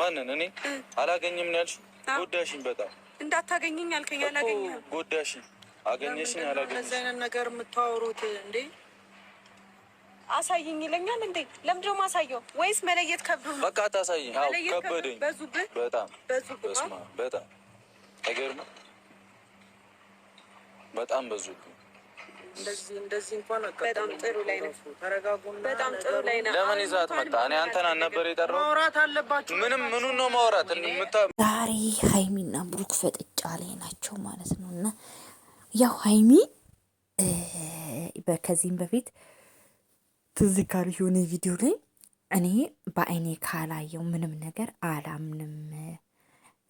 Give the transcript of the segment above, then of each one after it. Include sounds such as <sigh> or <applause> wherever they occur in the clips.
ማንን? እኔ አላገኝም ነው ያልሽው? ጎዳሽኝ። በጣም እንዳታገኘኝ አልከኝ፣ አላገኘህም። ጎዳሽኝ። አገኘሽኝ፣ አላገኘሽኝ። ነገር የምታወሩት እንዴ? አሳይኝ ይለኛል እንዴ? ለምንድን ነው የማሳየው? ወይስ መለየት ከብዶኝ? በቃ አታሳይኝ። አዎ ከበደኝ፣ በዙብህ፣ በጣም በዙብህ። በስመ አብ በጣም አይገርምም? በጣም በዙብህ እንደዚህ እንኳን በጣም ጥሩ ላይ ነው። በጣም ጥሩ ላይ ነው። ለምን ይዛት መጣ? እኔ አንተን አልነበር የጠራው። ማውራት አለባችሁ። ምንም ነው ማውራት? ዛሬ ሀይሚና ብሩክ ፈጥጫ ላይ ናቸው ማለት ነው። እና ያው ሀይሚ ከዚህም በፊት ትዝ ካለሽ የሆነ ቪዲዮ ላይ እኔ በአይኔ ካላየው ምንም ነገር አላምንም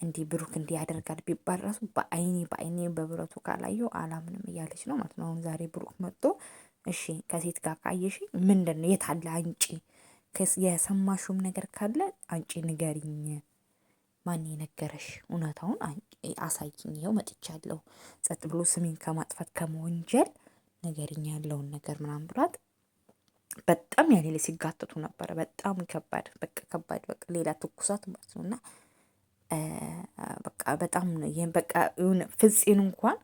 እንዲህ ብሩክ እንዲህ ያደርጋል ቢባል ራሱ በአይኔ በአይኔ በብረቱ ካላየው አላምንም እያለች ነው ማለት ነው። አሁን ዛሬ ብሩክ መጥቶ እሺ ከሴት ጋር ካየሽ ምንድን ነው የታለ አንጪ፣ የሰማሽውም ነገር ካለ አንጪ ንገሪኝ። ማን የነገረሽ? እውነታውን አሳይኝ። ይኸው መጥቻለሁ። ጸጥ ብሎ ስሜን ከማጥፋት ከመወንጀል ነገርኛ ያለውን ነገር ምናምን ብሏት በጣም ያኔ ላይ ሲጋተቱ ነበረ። በጣም ከባድ በቃ ከባድ በቃ ሌላ ትኩሳት ማለት ነው እና በቃ በጣም ይህን በቃ የሆነ ፍፄን እንኳን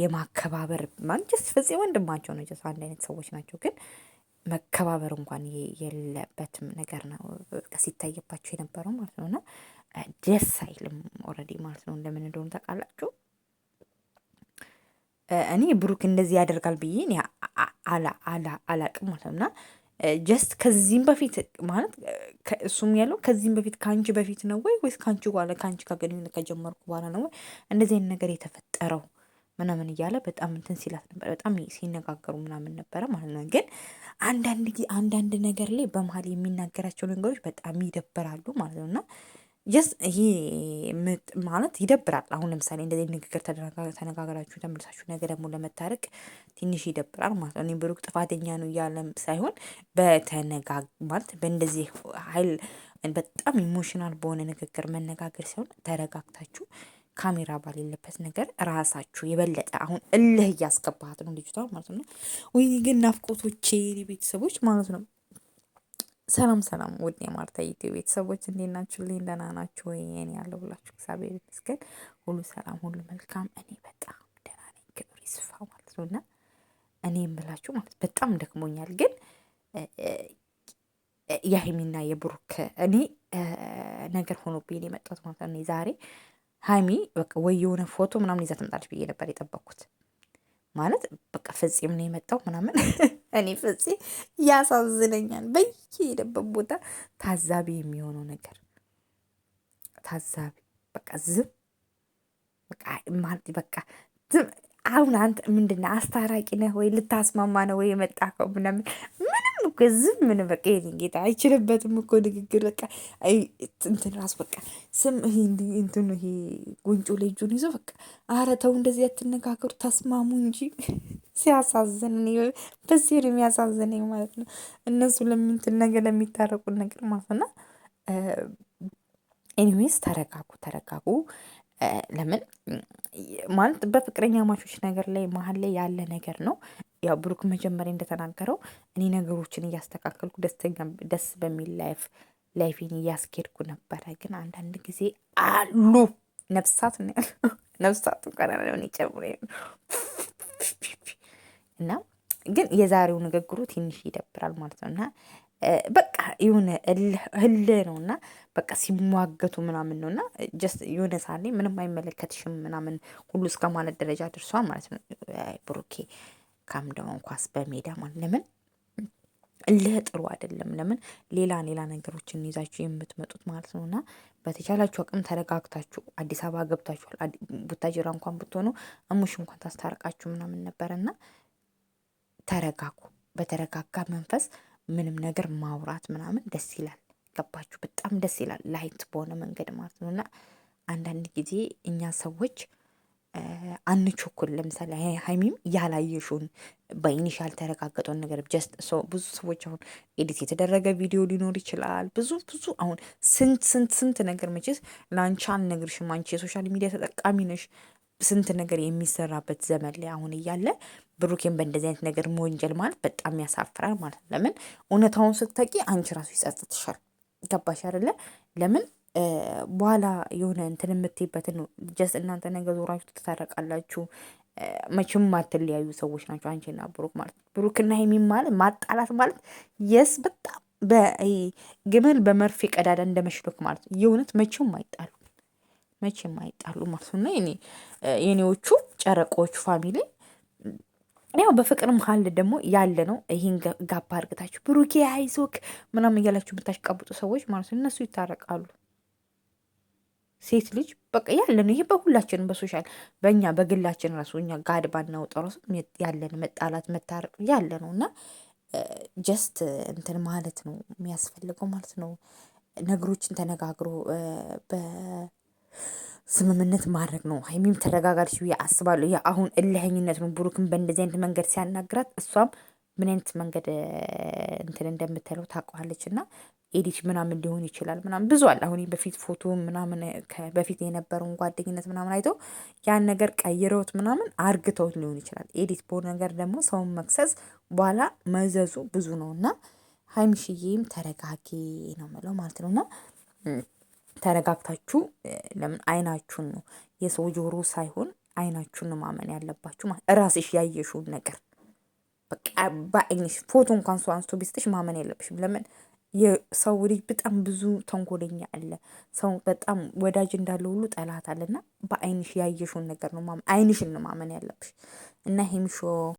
የማከባበር ማለት ጀስት ፍፄ ወንድማቸው ነው። ጀስት አንድ አይነት ሰዎች ናቸው፣ ግን መከባበር እንኳን የለበትም ነገር ነው ሲታየባቸው የነበረው ማለት ነው። እና ደስ አይልም ኦልሬዲ ማለት ነው። ለምን እንደሆኑ ታውቃላችሁ። እኔ ብሩክ እንደዚህ ያደርጋል ብዬ አላቅም ማለት ነው እና ጀስት ከዚህም በፊት ማለት እሱም ያለው ከዚህም በፊት ከአንቺ በፊት ነው ወይ ወይስ ከአንቺ በኋላ ከአንቺ ጋር ከጀመርኩ በኋላ ነው ወይ እንደዚህ አይነት ነገር የተፈጠረው ምናምን እያለ በጣም እንትን ሲላት ነበር። በጣም ሲነጋገሩ ምናምን ነበረ ማለት ነው። ግን አንዳንድ አንዳንድ ነገር ላይ በመሀል የሚናገራቸው ነገሮች በጣም ይደብራሉ ማለት ነው እና ጀስት ይሄ ማለት ይደብራል። አሁን ለምሳሌ እንደዚህ ንግግር ተነጋገራችሁ ተመልሳችሁ ነገር ደግሞ ለመታረቅ ትንሽ ይደብራል ማለት ነው። ብሩክ ጥፋተኛ ነው እያለም ሳይሆን በተነጋ ማለት በእንደዚህ ኃይል በጣም ኢሞሽናል በሆነ ንግግር መነጋገር ሲሆን ተረጋግታችሁ ካሜራ ባሌለበት ነገር ራሳችሁ የበለጠ አሁን እልህ እያስገባት ነው ልጅቷ ማለት ነው። ወይ ግን ናፍቆቶቼ ቤተሰቦች ማለት ነው ሰላም ሰላም ውድ የማርታ ዩቲዩብ ቤተሰቦች እንዴት ናችሁልኝ? ደህና ናችሁ ወይ? እኔ ያለው ብላችሁ እግዚአብሔር ይመስገን ሁሉ ሰላም፣ ሁሉ መልካም። እኔ በጣም ደህና ነኝ፣ ክብር ይስፋ ማለት ነው። እና እኔ የምላችሁ ማለት በጣም ደክሞኛል፣ ግን የሀይሚና የብሩክ እኔ ነገር ሆኖብኝ ነው የመጣሁት ማለት ነው። ዛሬ ሀይሚ በቃ ወይ የሆነ ፎቶ ምናምን ይዛ ትመጣለች ብዬ ነበር የጠበኩት ማለት በቃ ፍጺም ነው የመጣው ምናምን። <laughs> እኔ ፍጺ ያሳዝነኛል። በየሄደበት ቦታ ታዛቢ የሚሆነው ነገር ታዛቢ በቃ ዝም በቃ ማለት በቃ ዝም አሁን አንተ ምንድን ነህ? አስታራቂ ነህ ወይ? ልታስማማ ነው ወይ የመጣከው ምናምን እኮ ዝም ምን በቃ ይሄ ጌታ አይችልበትም እኮ ንግግር በቃ እንትን ራሱ በቃ ስም እንትን ይሄ ጎንጮ ላይ ይዞ በቃ ኧረ ተው እንደዚህ አትነጋገሩ፣ ተስማሙ እንጂ <laughs> ሲያሳዝን፣ በዚህ ነው የሚያሳዝነኝ ማለት ነው። እነሱ ለምንትን ነገር ለሚታረቁን ነገር ማለት ነው። ኤኒዌይስ ተረጋጉ፣ ተረጋጉ። ለምን ማለት በፍቅረኛ ማቾች ነገር ላይ መሀል ላይ ያለ ነገር ነው። ያው ብሩክ መጀመሪያ እንደተናገረው እኔ ነገሮችን እያስተካከልኩ ደስተኛ ደስ በሚል ላይፍ ላይፌን እያስኬድኩ ነበረ። ግን አንዳንድ ጊዜ አሉ ነፍሳት ነፍሳቱ ቀናለሆን ይጨምር እና ግን የዛሬው ንግግሩ ትንሽ ይደብራል ማለት ነው እና በቃ የሆነ ህል ነው እና በቃ ሲሟገቱ ምናምን ነው እና ጀስት የሆነ ሳሌ ምንም አይመለከትሽም ምናምን ሁሉ እስከ ማለት ደረጃ ድርሷ ማለት ነው ብሩኬ። መልካም ኳስ እንኳስ በሜዳ ማለት ለምን ለጥሩ አይደለም። ለምን ሌላ ሌላ ነገሮችን ይዛችሁ የምትመጡት ማለት ነው። እና በተቻላችሁ አቅም ተረጋግታችሁ አዲስ አበባ ገብታችኋል። ቡታጅራ እንኳን ብትሆኑ እሙሽ እንኳን ታስታርቃችሁ ምናምን ነበር እና ተረጋጉ። በተረጋጋ መንፈስ ምንም ነገር ማውራት ምናምን ደስ ይላል። ገባችሁ? በጣም ደስ ይላል። ላይት በሆነ መንገድ ማለት ነው እና አንዳንድ ጊዜ እኛ ሰዎች አንቾኩል ለምሳሌ ሀይሚም ያላየሹን በኢኒሽ ያልተረጋገጠውን ነገር ጀስት ብዙ ሰዎች አሁን ኤዲት የተደረገ ቪዲዮ ሊኖር ይችላል። ብዙ ብዙ አሁን ስንት ስንት ስንት ነገር መቼስ ለአንቺ አልነግርሽም። አንቺ የሶሻል ሚዲያ ተጠቃሚ ነሽ። ስንት ነገር የሚሰራበት ዘመን ላይ አሁን እያለ ብሩኬን በእንደዚህ አይነት ነገር መወንጀል ማለት በጣም ያሳፍራል ማለት ነው። ለምን እውነታውን ስታቂ አንቺ ራሱ ይጸጽትሻል። ገባሽ አይደለ? ለምን በኋላ የሆነ እንትን የምትይበትን ነው። ጀስት እናንተ ነገ ዞራችሁ ትታረቃላችሁ። መቼም ማትለያዩ ሰዎች ናቸው አንቺና ብሩክ ማለት ነው። ብሩክና ሀይሚ ማለት ማጣላት ማለት የስ በጣም ግመል በመርፌ ቀዳዳ እንደመሽሎክ ማለት ነው። የእውነት መቼም አይጣሉ መቼም አይጣሉ ማለት ነው። እኔ የኔዎቹ ጨረቆቹ ፋሚሊ ያው በፍቅር ካለ ደግሞ ያለ ነው። ይህን ጋባ እርግታችሁ ብሩኬ አይዞክ ምናምን እያላችሁ የምታሽቃብጡ ሰዎች ማለት ነው እነሱ ይታረቃሉ። ሴት ልጅ በቃ ያለ ነው ይሄ በሁላችንም በሶሻል በእኛ በግላችን ራሱ እኛ ጋድ ባናወጣው ራሱ ያለን መጣላት መታረቅ ያለ ነው እና ጀስት እንትን ማለት ነው የሚያስፈልገው ማለት ነው። ነገሮችን ተነጋግሮ በስምምነት ማድረግ ነው። ሀይሚም ተረጋጋለች ብዬ አስባለሁ። ያ አሁን እልህኝነት ነው ብሩክን በእንደዚህ አይነት መንገድ ሲያናግራት እሷም ምን አይነት መንገድ እንትን እንደምትለው ታውቀዋለች እና ኤዲት ምናምን ሊሆን ይችላል ምናምን ብዙ አለ። አሁን በፊት ፎቶ ምናምን በፊት የነበረውን ጓደኝነት ምናምን አይተው ያን ነገር ቀይረውት ምናምን አርግተውት ሊሆን ይችላል። ኤዲት ቦርድ ነገር ደግሞ ሰውን መክሰስ በኋላ መዘዙ ብዙ ነው እና ሀይምሽዬም ተረጋጊ ነው የምለው ማለት ነው እና ተረጋግታችሁ ለምን አይናችሁን ነው የሰው ጆሮ ሳይሆን አይናችሁን ነው ማመን ያለባችሁ። ማለት እራስሽ ያየሽውን ነገር በቃ በአይንሽ ፎቶ እንኳን ሰው አንስቶ ቢስጥሽ ማመን የለብሽም ለምን የሰው ልጅ በጣም ብዙ ተንኮለኛ አለ። ሰው በጣም ወዳጅ እንዳለ ሁሉ ጠላት አለና በአይንሽ ያየሽውን ነገር ነው አይንሽን ነው ማመን ያለብሽ። እና ሄምሾ